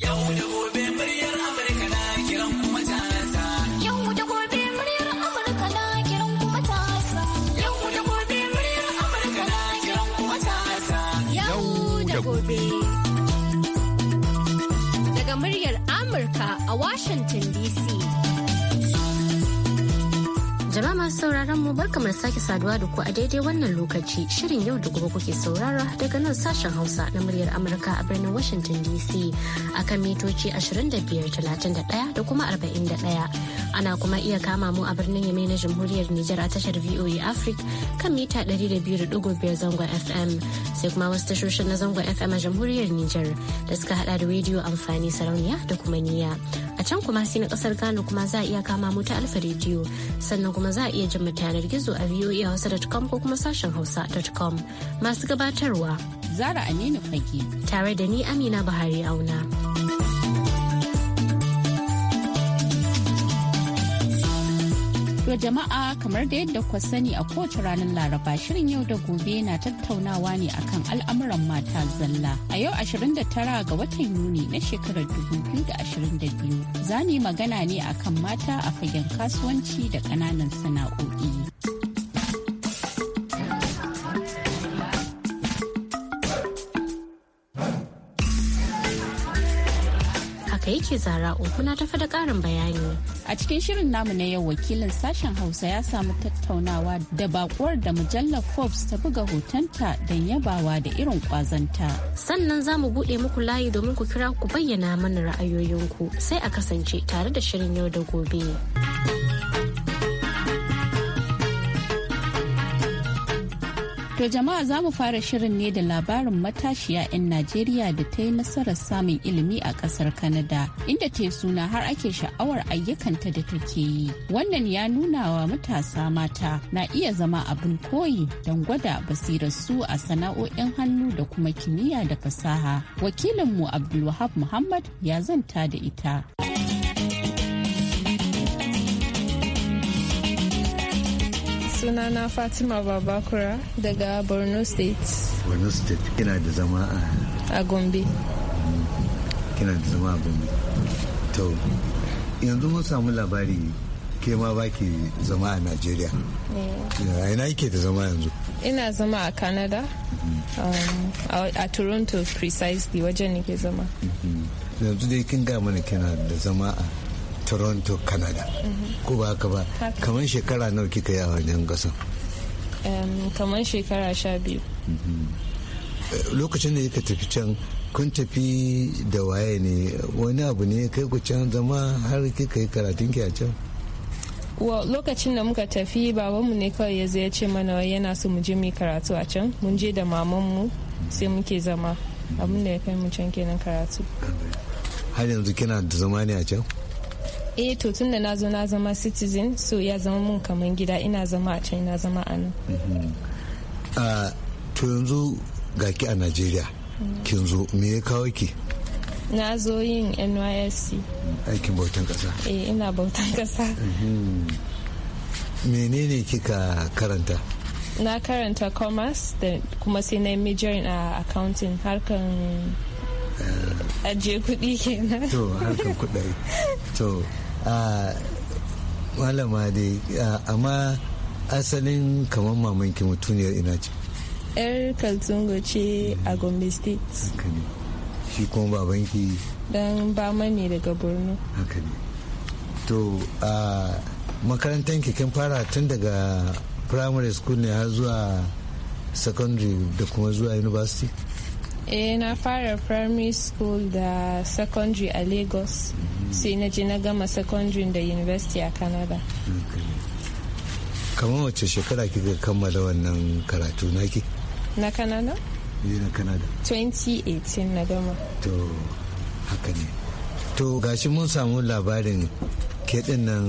da gobe muryar Amurka na kiran da gobe muryar Amurka na kiran da gobe muryar Amurka na kiran da gobe. Daga muryar Amurka a Washington DC. Jama'a masu sauraron mu barka da sake saduwa da ku a daidai wannan lokaci shirin yau da gobe kuke saurara daga nan sashen Hausa na muryar Amurka a birnin Washington DC a kan mitoci 25,31 da kuma 41. Ana kuma iya kama mu a birnin Yame na Jamhuriyar Nijar a tashar VOA e Africa kan mita 200.5 zangon FM sai kuma wasu tashoshin na zangon FM a Jamhuriyar Nijar da suka hada da rediyo amfani sarauniya da kuma niyya. can kuma sai na kasar Ghana kuma za a iya kama mu ta alfa rediyo sannan kuma za a iya jin ta gizo a voahausa.com ko kuma sashen hausa.com masu gabatarwa Zara Aminu Fage tare da ni Amina Buhari Auna. To jama'a kamar da yadda ku sani a kowace ranar Laraba shirin yau da gobe na tattaunawa ne akan al'amuran mata zalla. A yau 29 ga watan Yuni na shekarar 2022 za ni magana ne akan mata a fagen kasuwanci da ƙananan sana'o'i. haka yake zara na tafi da karin bayani a cikin shirin namu na yau wakilin sashen hausa ya samu tattaunawa da bakuwar da mujallar forbes ta buga hotonta don yabawa da irin kwazanta sannan za mu buɗe muku layi domin ku kira ku bayyana mana ra'ayoyinku sai a kasance tare da shirin yau da gobe. To jama'a za mu fara shirin ne da labarin matashiya 'yan Najeriya da ta yi nasarar samun ilimi a ƙasar Kanada, inda ta suna har ake sha'awar ayyukanta da take yi. Wannan ya nuna wa matasa mata na iya zama abin koyi don gwada su a sana'o'in hannu da kuma kimiyya da fasaha. Wakilinmu Abdulwahab Muhammad ya zanta da ita. sunana fatima babakura daga borno state borno state kina da zama a a gombe kina da zama a gombe to yanzu mun samu labari ke ma ba ki zama a najeriya mm. Ina ina yake da zama yanzu ina zama a canada um, a toronto precisely wajen nake zama mm-hmm. yanzu dai kin ga mana kina da zama a toronto canada ko ba haka ba kamar shekara nawa kika yi a wajen kasan kamar shekara sha biyu eh, lokacin da kika tafi can kun tafi da waye ne wani abu ne kai ku can zama har kika yi karatun ki a can lokacin da muka tafi babanmu ne kawai ya ya ce mana yana so mu je mu karatu a can mun je da mamanmu sai muke zama abin da ya kai mu can kenan karatu har yanzu kina da zama ne a can eh to tun da na zo na zama citizen so ya zama mun kaman gida ina zama a can ina zama a nan mhm. ah, to yanzu ga ki a najeriya kin zo me ya kawo ki na zo yin nysc aikin bautan kasa eh ina bautan kasa mhm. menene kika karanta na karanta commerce da kuma sai na major in accounting harkan eh. ajiye kuɗi kenan to harkan kuɗi to malama dai amma asalin kamar mamanki mutuniyar ina ce yar kaltungo ce a gombe state shi kuma babanki don ba ne daga borno to a makarantar kin fara tun daga primary school ne har zuwa secondary da kuma zuwa university eh na fara primary school da secondary a lagos mhm. sai na je na gama secondary da university a canada kamar wacce shekara kika kammala wannan karatu naki na canada yi na canada 2018 na gama to haka ne to gashi mun samu labarin keɗin nan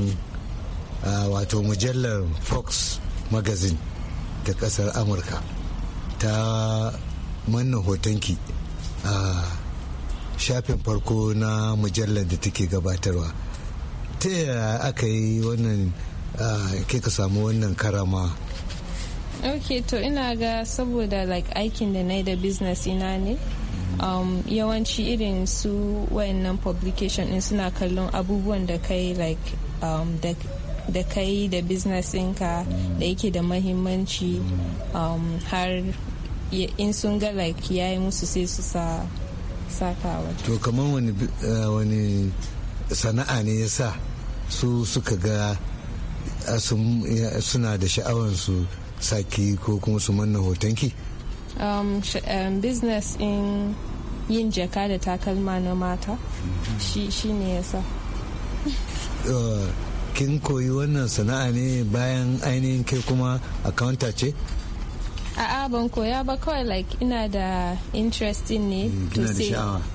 wato mujallar fox magazine ta ƙasar amurka ta manna hotonki a shafin farko na mujallar da take gabatarwa ta yaya aka yi wannan ke ka samu wannan karama ok to ina ga saboda like aikin da na da business ina ne um, yawanci irin su wayannan publication din suna kallon abubuwan da kai like um, da da kai da business ɗinka da yake da mahimmanci um, har in sun ga like yayi musu sai su sa sakawa to kamar eh, wani sana'a ne ya sa su suka ga eh, eh, suna da sha'awar su saki ko kuma su manna hotonki um, um, business in yin jaka da takalma na mata shi ne ya sa kin koyi wannan sana'a ne bayan ainihin kai kuma akawunta ce a'a ban koya ba kawai like ina da interesting ne mm, to sai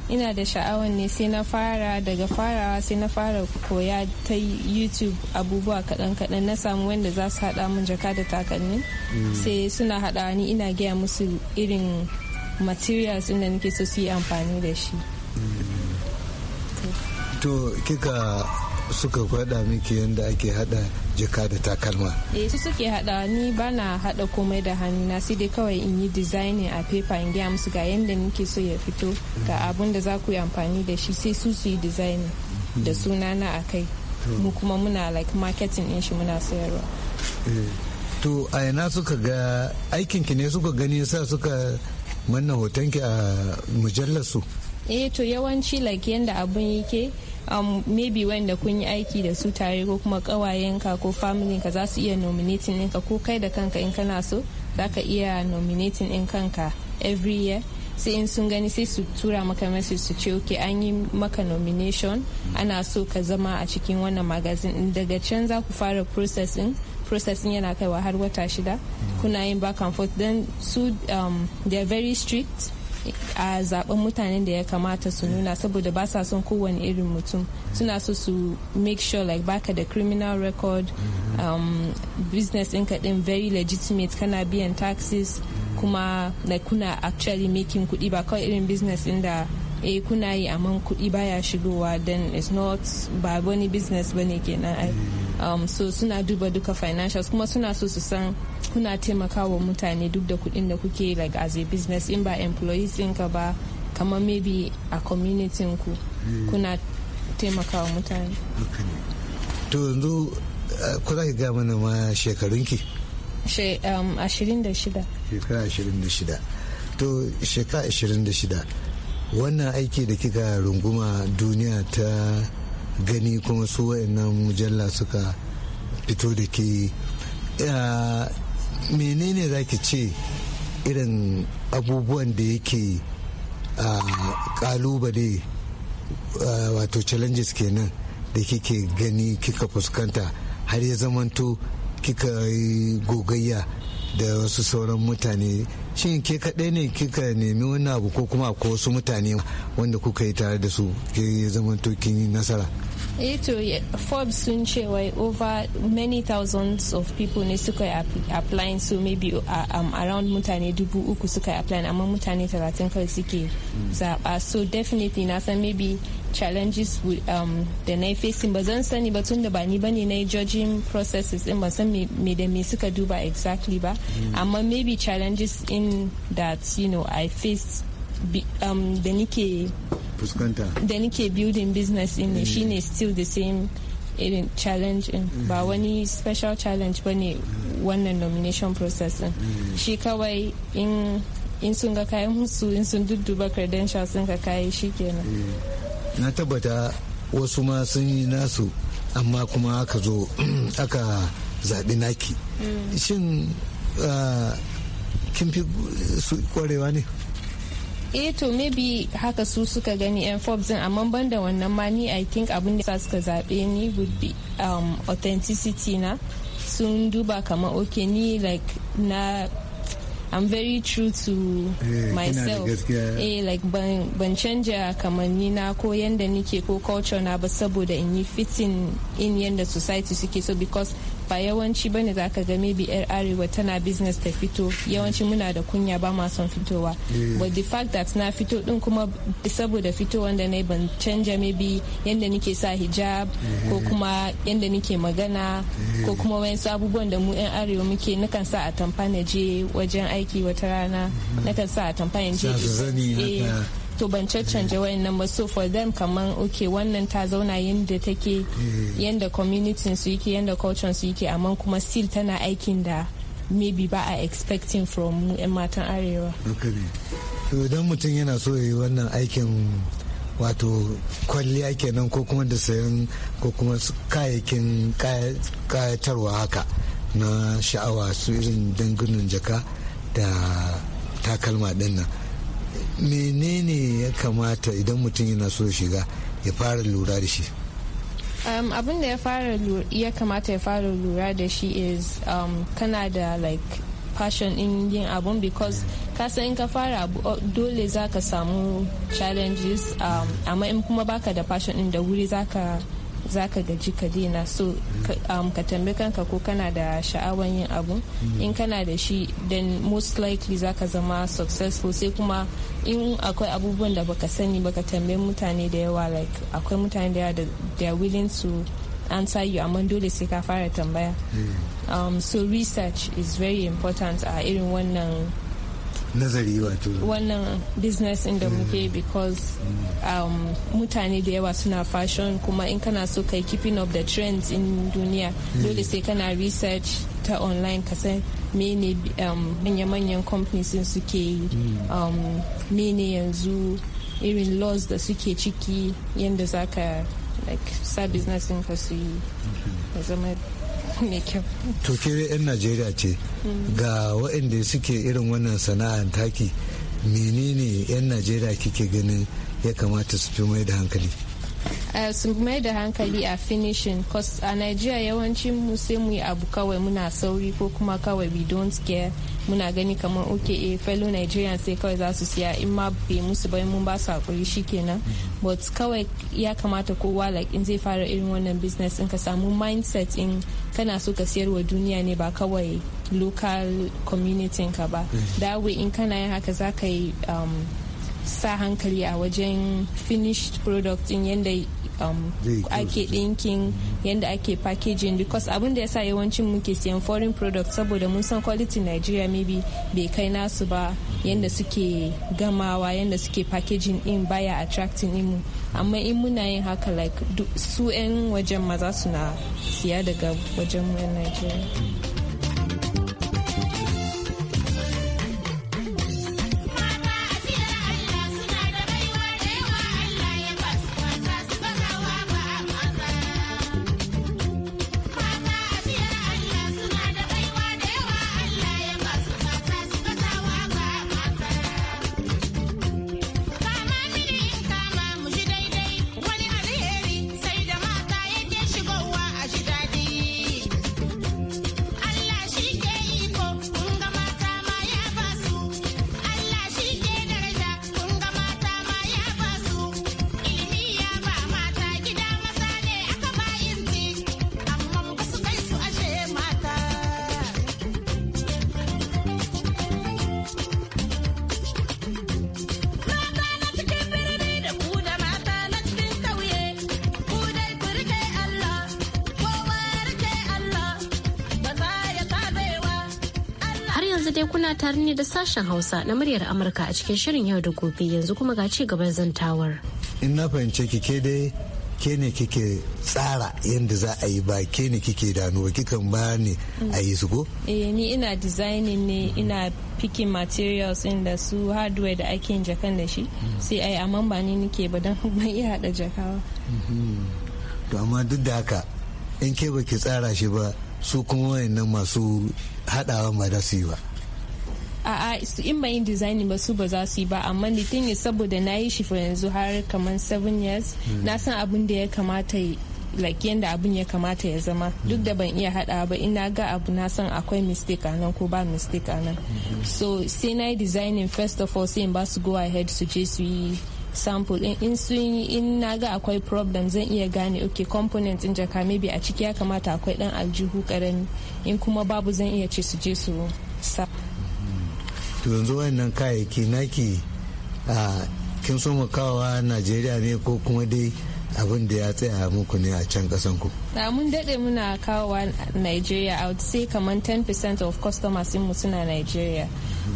ina da sha'awan ne sai na fara daga farawa sai na fara koya ta youtube abubuwa kaɗan kaɗan na samu wanda za su haɗa mun jaka da takalmi mm. sai suna haɗawa ni ina gaya musu irin materials inda nake so su yi amfani da shi mm. to kika suka faɗa miki yadda ake hada jaka da takalma eh su suke hada ni bana hada komai da hannu na sai dai kawai in yi designing a paper in gaya musu ga yadda nike so ya fito ga abun da za ku yi amfani da shi sai su su yi designing da sunana a kai mu kuma muna like marketing din shi muna sayarwa eh, to a yana suka ga aikin ki ne suka gani sa suka manna hotonki a mujallar su eh to yawanci like yanda abun yake um, maybe wanda kun yi aiki da su tare ko kuma kawayenka ko ka za su iya nominating ɗinka ko kai da kanka in kana so za ka iya nominating ɗin kanka every year sai in sun gani sai su tura maka message su ce ok an yi maka nomination ana so ka zama a cikin wannan magazin daga can za ku fara processing processing yana kaiwa har wata shida kuna yin back and forth don su um, they are very strict a zaben mutanen da ya kamata su nuna saboda ba sa son kowane irin mutum suna so su make sure like baka da criminal record um, business ɗinka din very legitimate kana biyan taxes kuma like kuna actually making kuɗi ba kawai irin business ɗin da eh kuna yi amma kuɗi baya shigowa then it's not ba wani business bane kenan um, so suna duba duka financials kuma suna so su san kuna taimakawa mutane duk da kuɗin da kuke like as a business in ba employees ka ba kama maybe a community ku hmm. kuna taimakawa mutane to yanzu eh, ku za ki ga mana ma shekarunki um, ashirin da shida shekara ashirin da shida to shekara ashirin da shida wannan aiki da kika runguma duniya ta gani kuma su wa'annan mujalla suka fito da ke menene za ki ce irin abubuwan da yake kalubale wato challenges kenan da kike gani kika fuskanta har ya zamanto kika yi gogayya da wasu sauran mutane shin ke kaɗai ne kika nemi wani abu ko kuma ko wasu mutane wanda kuka yi tare da su ke zamanto kin yi nasara eh to forbes sun ce wai over many thousands of people ne suka yi applying so maybe uh, um, around mutane dubu uku suka yi applying amma mutane talatin kawai suke hmm. zaɓa so definitely na san maybe challenges with, um, da na facing ba zan sani ba tun da ba ni ba ne na judging processes din ba san me da me suka duba exactly ba hmm. amma maybe challenges in that you know i faced um, da nike fuskanta da nike building business in ne eh. shine still the same irin challenge in eh. ba wani special challenge ba ne eh. wannan nomination process in shi kawai in in sun ga kayan musu in sun dudduba credentials sun ka kayi shikenan na tabbata wasu ma sun yi nasu amma kuma aka zo aka zaɓi naki mm. shin ah, kin fi kwarewa ne eh to maybe haka su suka gani yan forbes din amma ban da wannan ma ni i think abin da suka zaɓe ni would be um, authenticity na sun duba kamar okay ni like na I'm very true to hey, eh, myself. Eh, like ban, ban canja kamanni na ko yanda nike ko culture na ba saboda in yi fitting in yanda society suke so because ba yawanci bane za ka ga maybe yar arewa tana business ta fito yawanci muna da kunya ba ma son fitowa eh. but the fact that na fito din kuma saboda fito wanda na ban canja maybe yadda nike sa hijab ko eh. kuma yadda nike magana eh. ko kuma wani abubuwan da mu yan arewa muke nakan sa a tamfa na je wajen aiki wata rana mm-hmm. nakan sa a tamfa na je to ban cancanci wayannan ba so for them kaman okay wannan ta zauna yadda take eh. yadda community su yake yadda culture su yake amma kuma still tana aikin da maybe ba a expecting from mu 'yan matan arewa to idan mutum yana so ya yi wannan aikin wato kwalliya kenan ko kuma da sayan ko kuma kayayyakin kayatarwa haka na sha'awa su irin dangunan jaka da takalma dinnan menene ya kamata idan mutum yana so shiga ya fara lura da shi um, abin da ya fara ya kamata ya fara lura da shi is um, kana da like passion in yin abun because ka in ka fara dole za ka samu challenges um, amma in kuma baka da passion in da wuri za ka za ka gaji ka daina so ka um, tambi kanka ko kana da sha'awan yin abu hmm. in kana da shi then most likely za ka zama successful sai kuma in akwai abubuwan da baka sani baka tambayi mutane da yawa like akwai mutane da yawa da are willing to answer you amma dole sai ka fara tambaya hmm. um, so research is very important a irin wannan nazari wato wannan business inda eh. muke because um, mutane da yawa suna fashion kuma in kana so kai keeping up the trends in duniya eh. dole sai kana research ta online ka san mene um, manya-manyan companies suke yi hmm. um, mene yanzu irin laws da suke ciki yadda za ka like sa business ka su yi zama mai kyau yan najeriya ce ga waɗanda suke irin wannan sana'ar taki menene yan najeriya kike ganin ya kamata su fi mai da hankali Eh, su mai da hankali a finishing cause a nigeria yawancin mu sai mu yi abu kawai muna sauri ko kuma kawai we don't care muna gani kamar oke e eh, fellow nigerian sai kawai za su siya in ma be musu bai mun ba su hakuri shikenan but kawai ya kamata kowa like in zai fara irin wannan business in ka samu mindset in kana so ka wa duniya ne ba kawai local community ka ba mm. that way in kana yin haka za ka yi um, sa hankali a wajen finished product din yadda um, ake ɗinkin yadda ake packaging because abin da ya sa yawancin muke siyan foreign product saboda mun san quality Nigeria maybe bai kai nasu ba yadda suke gamawa yadda suke packaging in baya attracting imu amma in muna yin haka like su 'yan wajen maza suna siya daga wajen Nigeria. tare ne da sashen Hausa na muryar Amurka a cikin shirin yau da gobe yanzu kuma ga ci gaban zantawar. In na fahimce kike ke dai ke ne kike tsara yadda za a yi ba ke ne kike dano ba kikan ba ne a yi su ko? Eh ni ina designing ne mm. ina picking materials in da su hardware da ake yin jakan da shi mm. sai ai amma ba ni nike ba don ban iya hada jakawa. Mm-hmm. To amma duk da haka in ke ba ki tsara shi ba su kuma wayannan masu hadawa ma da su yi ba. a'a su in ba yi ba su ba za su yi ba amma the thing is saboda na yi shi for yanzu har kamar 7 years hmm. na san abin da ya kamata like yanda abin ya kamata ya zama hmm. duk da ban iya hada ba ina ga abu na san akwai mistake a nan ko ba mistake a nan hmm. so sai na yi designing first of all sai in ba su go ahead su je su yi sample in in sun yi in na ga akwai problem zan iya gane ok component in jaka maybe a ciki ya kamata akwai dan aljihu karami in kuma babu zan iya ce su je su to yanzu wayannan kayayyaki naki a kin so mu kawowa najeriya ne ko kuma dai abin da ya tsaya muku ne a can kasan ku. da mun daɗe muna kawowa Nigeria I would say kamar 10% of customers mu suna Nigeria.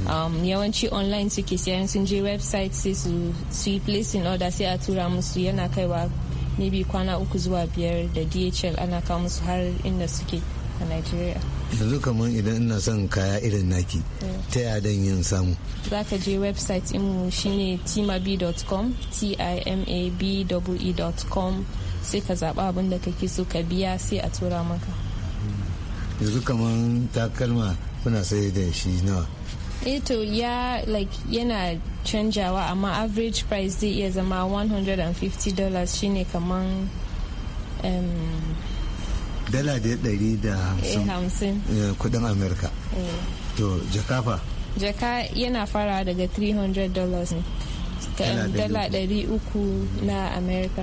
Um, yawanci online suke siyan sun je website sai su su yi placing order sai a tura musu yana kaiwa maybe kwana uku zuwa biyar da DHL ana kawo musu har inda suke a Nigeria. yanzu kamar idan ina son kaya irin naki eh. ta yaya dan yin samu za ka je website in mu shine timab.com t-i-m-a-b-e.com e sai ka zaɓa abin da kake so ka biya sai a tura maka yanzu kamar takalma kuna sai da shi nawa eto eh ya like yana canjawa amma average price zai iya zama $150 shine kamar kaman. dala da ɗari da hamsin kudin eh, eh, amurka eh. to jakafa jaka yana fara daga 300 dollars ne dala ɗari uku na amurka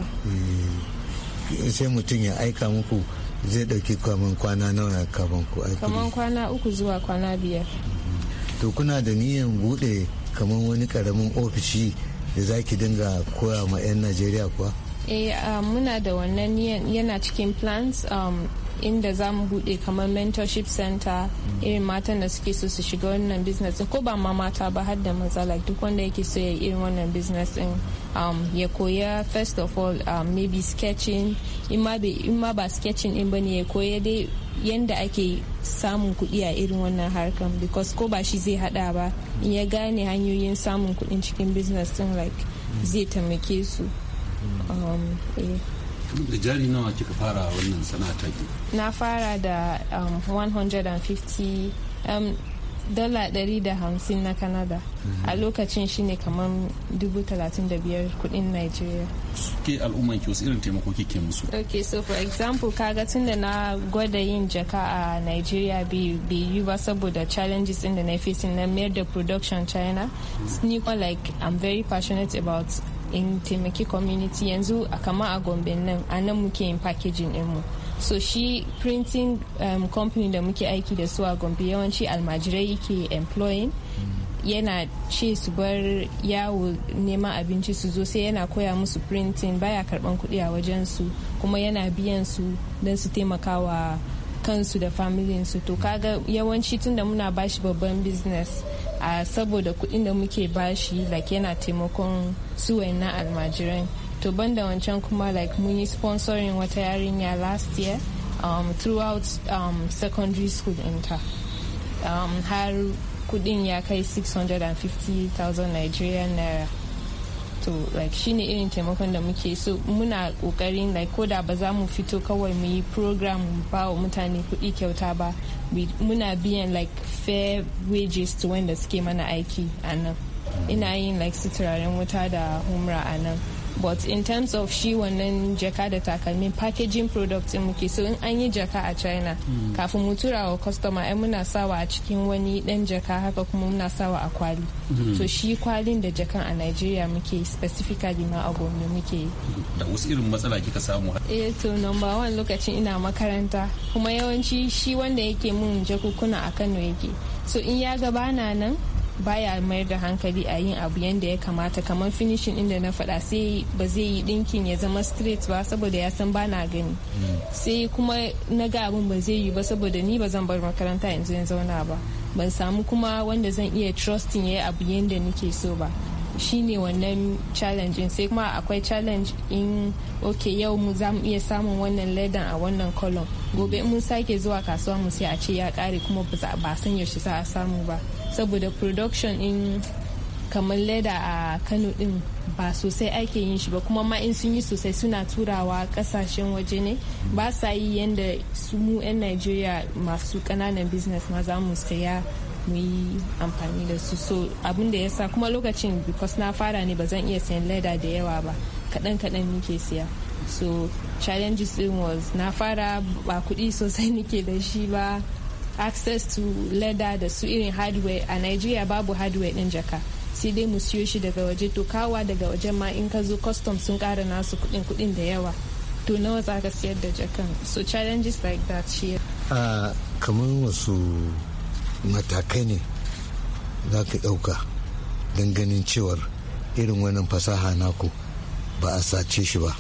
sai mutum ya aika muku zai ɗauki kaman kwana nawa kaman ku aiki kamar kwana uku zuwa kwana biyar mm-hmm. to kuna da niyan bude kamar wani karamin ofishi da za ki dinga koya ma 'yan najeriya kuwa eh um, muna da wannan yana cikin plans um, inda za mu bude kamar mentorship center irin matan da suke so su shiga wannan business ko ba ma mata ba har da maza like duk wanda yake so ya irin wannan business din um, ya koya first of all um, maybe sketching in ma ba sketching din bane ya koya dai yanda ake samun kuɗi a irin wannan harkan because ko ba shi zai hada ba in ya gane hanyoyin samun kuɗin cikin business din like zai taimake su Um, eh. da jari nawa kika fara wannan sana'a ta na fara da 150 dala 150 na canada mhm. a lokacin shi shine kamar 35,000 kudin nigeria ke al'umman ki wasu irin taimako kike musu ok so for example kaga tun da na gwada yin jaka a nigeria bai yi ba saboda challenges in da na facing na mayar da production china mhm. ni like i'm very passionate about in taimaki community yanzu a kama a gombe nan a nan muke yin packaging mu so shi printing um, company da muke aiki da su a gombe yawanci almajirai yake employing yana ce su bar yawo neman abinci su zo sai yana koya musu printing baya karban kuɗi a wajen su kuma yana biyan su don su taimakawa kansu da familinsu to kaga yawanci tun da muna bashi babban business a saboda kuɗin da muke bashi like yana taimakon su na almajiran to banda wancan kuma like mun yi sponsoring wata yarinya last year um, throughout um, secondary school inta um, har kuɗin ya kai 650,000 nigerian naira to like shine irin taimakon da muke so muna kokarin like ko da ba za mu fito kawai mu yi program ba wa mutane kuɗi kyauta ba muna biyan like fair wages to wanda suke mana aiki a nan ina yin like su turaren wuta da humra a nan but in terms of shi wannan jaka da takalmin packaging product in muke so in an yi jaka a china hmm. kafin mu tura wa customer ai muna sawa a cikin wani dan jaka haka kuma muna sawa a kwali hmm. so shi kwalin da jakan a nigeria muke specifically ma a gombe muke da wasu irin matsala kika samu eh to number one lokacin ina makaranta kuma yawanci shi wanda yake mun jakukuna a kano yake so in ya gabana nan baya mayar da hankali a yin abu yadda ya kamata kamar finishing inda na faɗa sai ba zai yi ɗinkin ya zama straight ba saboda ya san ba na gani sai kuma na ga abin ba zai yi ba saboda ni ba zan bar makaranta yanzu ya zauna ba ban samu kuma wanda zan iya trustin ya yi abu yadda nake so ba shine wannan challenge sai kuma akwai challenge in ok yau mu za mu iya samun wannan ledan a wannan kolon gobe mun sake zuwa kasuwa mu sai a ce ya kare kuma ba san yaushe za a samu ba saboda production in kamar leda a kano din ba sosai ake yin shi ba kuma ma in sun yi sosai suna turawa kasashen waje ne ba sa yi yadda su mu 'yan najeriya masu kananan business ma za mu saya mu yi amfani da su so abin da ya sa kuma lokacin because na fara ne ba zan iya sayan leda da yawa ba kaɗan kaɗan nike siya so challenges din was na fara ba kuɗi sosai nake da shi ba access to leather da su irin hardware a nigeria babu hardware ɗin jaka sai dai mu siyo shi daga waje to kawa daga wajen ma in ka zo custom sun ƙara nasu kuɗin kuɗin da yawa to nawa za ka siyar da jakan so challenges like that shi uh, kamar wasu matakai ne za ka ɗauka don ganin cewar irin wannan fasaha naku ba a sace shi ba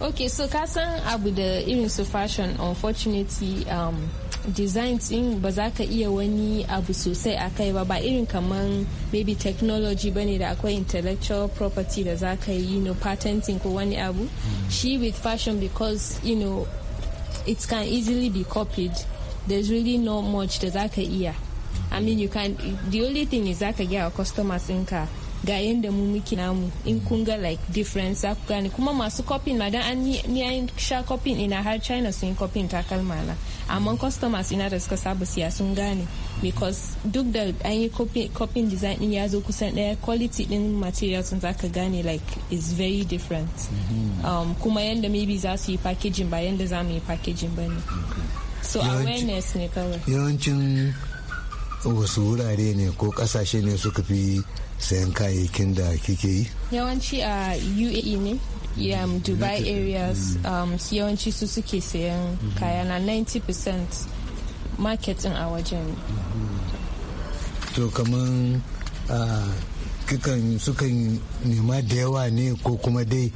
ok so ka san abu da irin su fashion unfortunately um, design din ba za ka iya wani abu sosai a kai ba ba irin kamar maybe technology ba ne da akwai intellectual property da za ka yi you know, patenting ko wani abu mm -hmm. shi with fashion because you know it can easily be copied there's really not much da za ka iya i mean you can the only thing is zaka gaya wa customers ɗinka ga yadda mu muke namu in kun ga like difference za ku gane kuma masu copying ma dan an ni an sha copying ina har china sun yi copying takalma na amma customers ina da suka saba siya sun gane because duk da an yi copying design din ya zo kusan daya quality din materials sun zaka gane like is very different mm-hmm. um, kuma yadda maybe za su yi packaging ba yadda za mu yi packaging ba ne so awareness ne kawai yawancin wasu wurare ne ko kasashe ne suka fi sayan kayayyakin da kike yi yawanci a uae ne um, dubai areas mm. um, yawanci su suke sayan mm-hmm. kaya na 90% marketing a wajen mm-hmm. to kaman kikan sukan nema da yawa ne ko kuma dai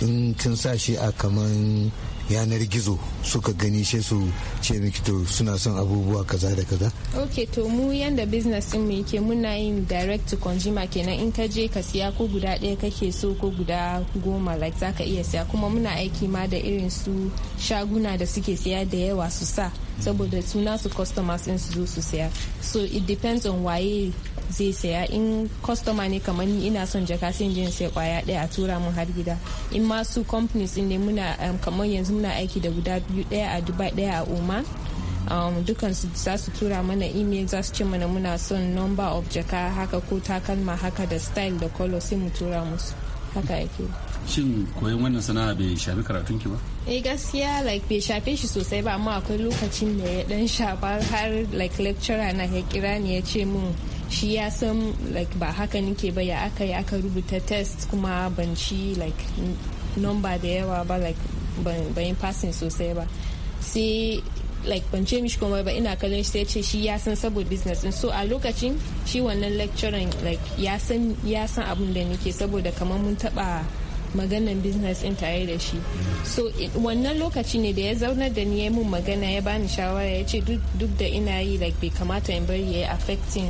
in kin sa shi a kaman yanar gizo suka gani shi su ce miki to suna son abubuwa kaza da kaza ok to mu yanda business din mu yake muna yin direct to consumer kenan in ka je ka siya ko guda ɗaya kake so ko guda goma like zaka iya siya kuma muna aiki ma da irin su shaguna da suke siya da yawa su sa saboda suna su customers in su zo su saya so it depends on waye zai saya in customer ne kamar ni ina son jaka sai je sai kwaya daya a tura mu har gida in ma su companies ne muna um, kamar yanzu muna aiki da guda biyu daya a dubai daya a oman um, su za su tura mana email za su ce mana muna son number of jaka haka ko takalma haka da style da color sai mu tura musu haka yake shin koyon wannan sana'a bai shafi karatun ki ba eh gaskiya like bai shafe shi sosai ba amma akwai lokacin da ya dan shafa har like lecturer na ya kira ni ya ce mun shi ya san like ba haka nike ba ya aka yi aka rubuta test kuma ban ci like number da yawa ba like ban yi passing sosai ba sai like ban ce mishi kuma ba ina kallon shi sai ce shi ya san saboda business din so a lokacin shi wannan lecturer like ya san ya san abin da nake saboda kamar mun taba maganan business ɗin tare da shi so wannan lokaci ne da ya zaunar da ni ya mun magana ya bani shawara ya ce duk da ina yi like bai kamata in bari ya affecting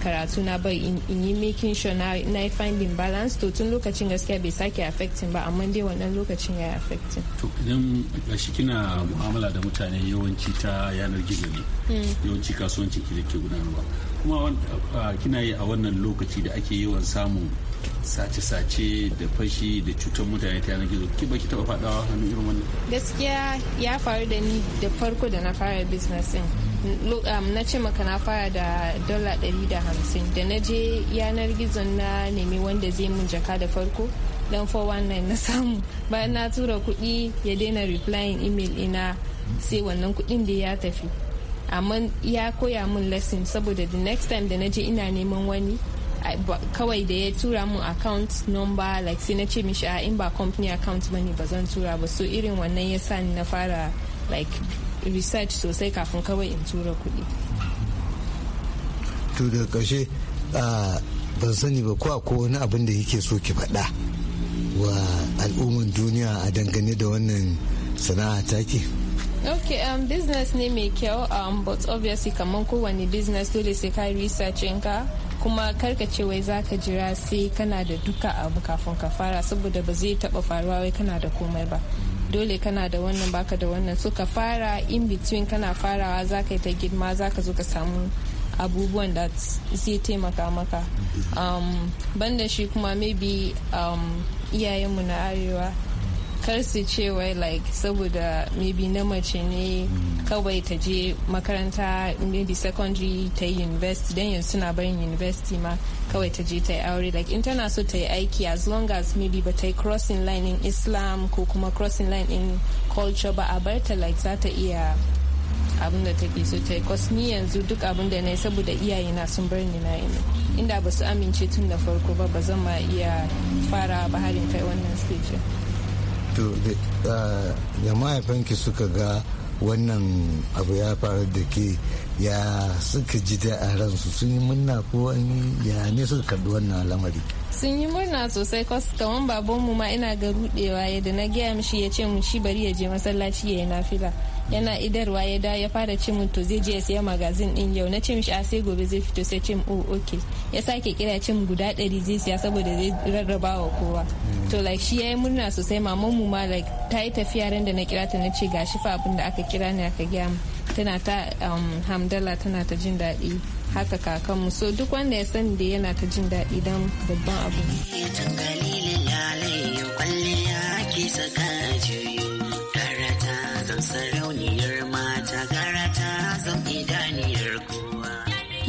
karatu na ba in yi making sure na yi finding balance to tun lokacin gaskiya bai sake affecting ba amma dai wannan lokacin ya affecting to idan shi kina mu'amala da mutane yawanci ta yanar gizo ne hmm. yawanci kasuwancin ki da ke gudanarwa kuma kina yi a wannan lokaci da ake yawan samun sace-sace da fashi da cutar mutane ta yanar gizo ki baki ki taba fadawa hannun irin wannan gaskiya ya faru da ni da farko da na fara business din um, na ce maka na fara da dala ɗari da hamsin da na je yanar gizo na nemi wanda zai mun jaka da farko dan 419 na samu bayan na tura kuɗi ya daina replying email ina sai wannan kuɗin da ya tafi amma ya koya min lesson saboda the next time da na je ina neman wani kawai da ya tura mu account number like sai na ce mishi a ah, in ba company account ba ne ba zan tura ba so irin wannan ya sa ni na fara like research sosai kafin kawai in tura kuɗi. to da ƙarshe ah, ban sani ba ko ko wani abin da yake so ki faɗa wa al'umman duniya a dangane da wannan sana'a take. Okay, um, business ne mai kyau um, but obviously kamar kowane business dole sai ka research ka kuma karka ce wai za ka jira sai kana da duka abu kafin ka fara saboda ba zai taba faruwa wai kana da komai ba dole kana da wannan baka da wannan so ka fara in between kana farawa zaka yi ta girma zaka zo ka samu abubuwan da zai taimaka maka um, banda shi kuma maybe um, iyayenmu na arewa kar su ce wai like saboda maybe na mace ne kawai ta je makaranta maybe secondary ta yi university dan yanzu suna barin university ma kawai ta je ta yi aure like in tana so ta yi aiki as long as maybe ba ta yi crossing line in islam ko kuma crossing line in culture ba a bar ta like za ta iya abin da take so ta yi ni yanzu duk abin da na yi saboda iyaye na sun bar ni na yi inda ba su amince tun da farko ba ba zan ma iya fara ba harin kai wannan stage to da mahaifanki suka ga wannan abu ya faru da ke ya suka ji da a ransu sun yi murna ko ya ne suka kaɗu wannan lamari sun yi murna sosai kwas kamar babanmu ma ina ga rudewa yadda na gaya mishi ya ce mu shi bari ya je masallaci ya yi nafila yana idarwa ya da ya fara ci to zai je ya siya magazin din yau na ce mishi a ah, sai gobe zai fito sai cin oh ok ya sake kira cin guda ɗari zai siya saboda zai rarraba wa kowa hmm. to like shi yayi murna sosai maman mu ma like ta yi tafiya ran da na kira ta na ce ga shi fa abin da aka kira ni aka gaya mu tana ta um, hamdala tana ta jin daɗi haka kakanmu so duk wanda ya sani da yana ta jin daɗi dan babban abu. Tun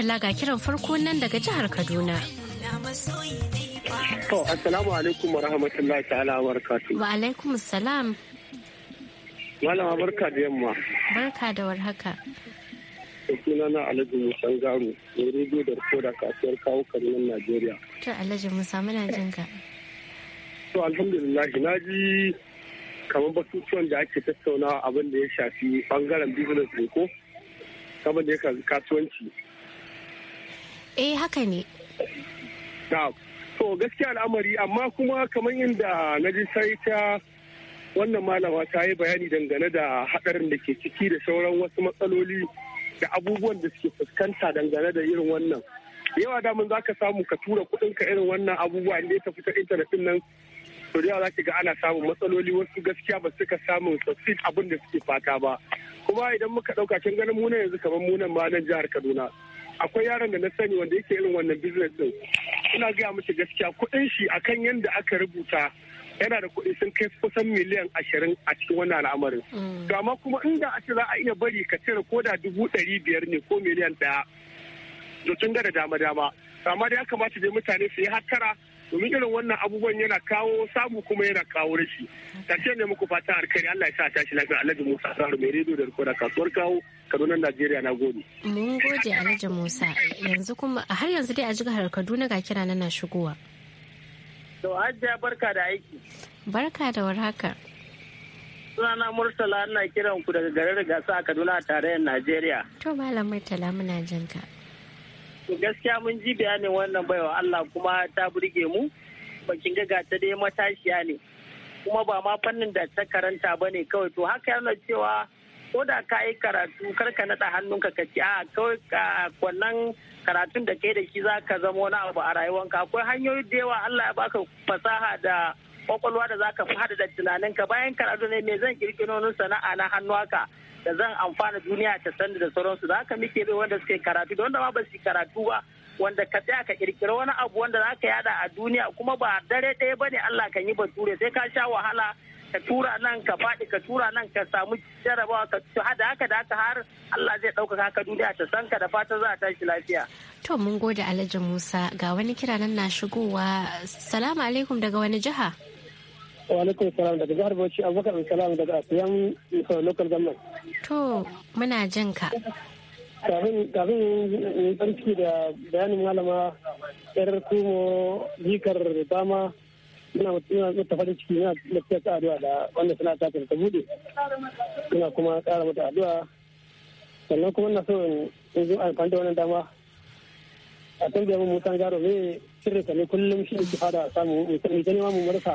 madalla ga kiran farko nan daga jihar Kaduna. To, assalamu alaikum wa rahmatullahi ta'ala wa barakatuh. Wa alaikum salam. Malama barka da yamma. Barka da warhaka. Suna na Alhaji Musan Garu, mai rediyo da da kasuwar kawo karinan Najeriya. To, Alhaji Musa muna jin ka. To, alhamdulillah, na ji kamar batutuwan da ake tattaunawa abin da ya shafi bangaren business ne ko? Kamar da ya kasuwanci. eh haka ne to gaskiya al'amari amma kuma kamar inda na ji sai ta wannan malama ta yi bayani dangane da hadarin da ke ciki da sauran wasu matsaloli da abubuwan da suke fuskanta dangane da irin wannan yawa damun za ka samu ka tura kuɗin ka irin wannan abubuwa inda ya tafi ta intanet nan to da za ki ga ana samun matsaloli wasu gaskiya ba suka samun succeed abin da suke fata ba kuma idan muka ɗauka kin ganin mu yanzu kamar mu nan ma nan jihar Kaduna akwai yaron da na sani wanda yake irin wannan business din ina gaya mace gaskiya kuɗin shi akan yadda aka rubuta yana da kuɗi sun kai kusan miliyan ashirin a cikin wannan al'amarin. Mm. To amma kuma inda a ce za a iya bari ka cire ko da dubu ɗari biyar ne ko miliyan ɗaya. To tun da dama dama. Amma da ya kamata dai mutane su yi hattara domin irin wannan abubuwan yana kawo samu kuma yana kawo rashi karshe ne muku fata alkhairi Allah ya sa tashi lafiya Alhaji Musa Saru mai rediyo da rikoda kasuwar kawo Kaduna Najeriya na gode mun gode Alhaji Musa yanzu kuma har yanzu dai a jihar Kaduna ga kira na shigowa to Hajiya barka da aiki barka da warhaka sunana Murtala ina kiran ku daga garin Gasa a Kaduna a tarayyar Najeriya to malam Murtala muna jinka gaskiya mun ji bayanin wannan baiwa Allah kuma ta burge mu bakin gaga ta dai matashiya ne kuma ba ma fannin da ta karanta ba ne kawai to haka yana cewa ko da ka yi karatu karka naɗa hannunka ka ce a kawai wannan karatun da kai da shi za ka zama wani abu a rayuwanka akwai hanyoyi da yawa Allah ya baka fasaha da kwakwalwa da zaka fada da tunanin ka bayan karatu ne me zan kirkiro wani sana'a na hannu ka da zan amfana duniya ta sanda da sauransu da haka muke bai wanda suke karatu da wanda ma ba su karatu ba wanda ka tsaya ka kirkira wani abu wanda zaka yada a duniya kuma ba dare ɗaya ba ne Allah kan yi bature sai ka sha wahala ka tura nan ka faɗi ka tura nan ka samu jarabawa ka hada haka da haka har Allah zai ɗaukaka ka duniya ta san ka da fatan za a tashi lafiya. To mun gode Alhaji Musa ga wani kira nan na shigowa. Salamu alaikum daga wani jiha. Wa alaikum salam daga jihar Bauchi Abubakar Salam daga Asiyan local government. To muna jin ka. Kafin kafin tsarki da bayanin malama yar kumo jikar dama muna mata farin ciki na lafiya ta addu'a da wanda suna ta ta bude ina kuma kara mata addu'a sannan kuma na so in zo amfani da wannan dama a tambaya mu mutan garo ne sirri ne kullum shi ke samu ma mu marasa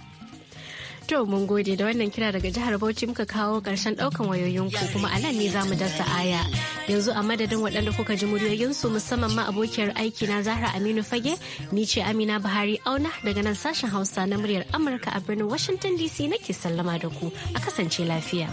To mun gode da wannan kira daga jihar Bauchi muka kawo karshen daukan ku kuma a nan ne za mu dasa aya. Yanzu a madadin waɗanda kuka ji muryoyin su musamman ma abokiyar aiki na Zahra Aminu Fage ni ce Amina Buhari Auna daga nan sashen Hausa na muryar Amurka a birnin Washington DC nake sallama da ku a kasance lafiya.